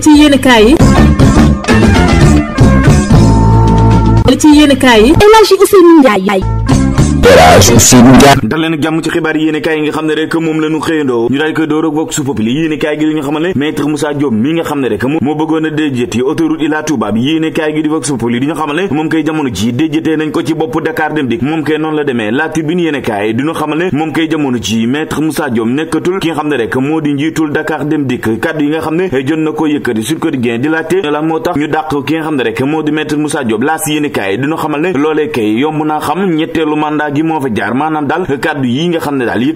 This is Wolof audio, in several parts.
ci yenn yi. ci yenn kaay yi. El Hadji Ousseynou Ndiaye. dal leen ak jàmm ci xibaar yéene kaay yi nga xam ne rek moom la ñu xëyandoo laas yéene kaay di xamal ne loolee yomb naa xam ñetteelu man mandat gi moo fa jaar maanaam daal kàddu yi nga xam ne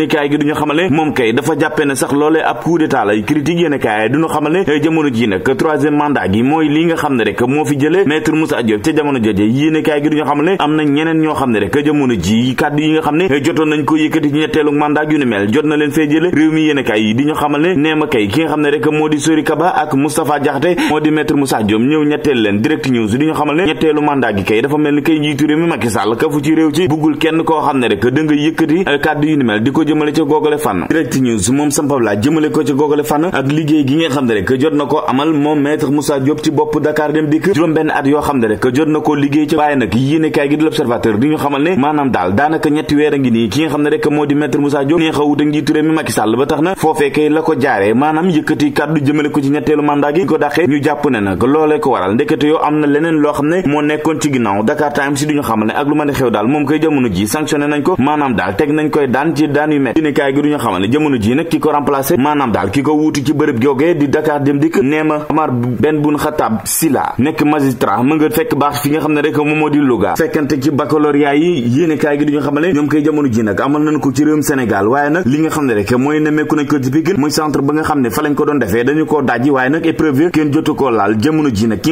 gi duñu xamale ne am na ñeneen ñoo xam ne rek jamono ji kàddu yi nga xam ne jotoon nañ ko yëkkati ci ñetteelu mandat yu ni mel jot na leen fee jële réew mi yéene yi di ñu xamale nee kay ki nga xam ne rek moo di Sori Kaba ak Moustapha Diakhaté moo di maître Moussa Diop ñëw ñetteel leen di ñu xamal ne ñetteelu mandat dafa mel ni kay njiitu réew mi Macky Sall kafu ci réew ci buggul kenn koo xam ne rek da yëkkati kàddu jëmale ko ci googale fànn gi ko amal ñu xamal ne na foofee ko war waral ndekete am na leneen loo xam ne moo nekkoon ci ginnaaw Dakar Times si duñu xamal ne ak lu mën a xew daal moom koy jamono ji nag amal nañ ko ci réewum Sénégal waaye nag li nga xam ne rek mooy nemmeeku nañ ko ci Pikine centre ba nga xam ne fa lañ ko doon defee dañu koo dajji waaye nag épreuve kenn jotu koo laal jamono ji nag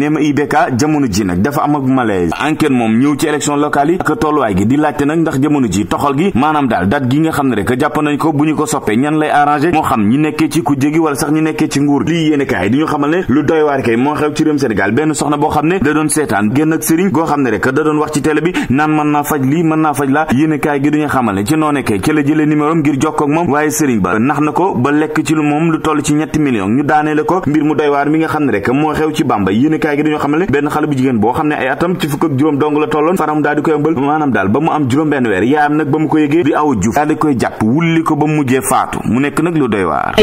neema IBK jamono ji nag dafa am ak malaise enquête moom ñëw ci élection locale yi ak tolluwaay gi di laajte nag ndax jamono ji toxal gi maanaam daal date gi nga xam ne rek jàpp nañ ko bu ñu ko soppee ñan lay arrangé moo xam ñi nekkee ci ku jégi wala sax ñi nekkee ci nguur lii yéene kaay ñu xamal ne lu doy kay moo xew ci réewum Sénégal benn soxna boo xam ne da doon seetaan génn ak sëriñ goo xam ne rek da doon wax ci télé bi naan mën kaay gi dañoo xamale benn xale bu jigéen boo xam ne ay atam ci fukk ak juróom dong la tolloon faram daal di koy ëmbal maanaam daal ba mu am juróom benn weer yaayam nag ba mu ko yëgee di aw juf daal di koy jàpp wulli ko ba mu mujjee faatu mu nekk nag lu doy waar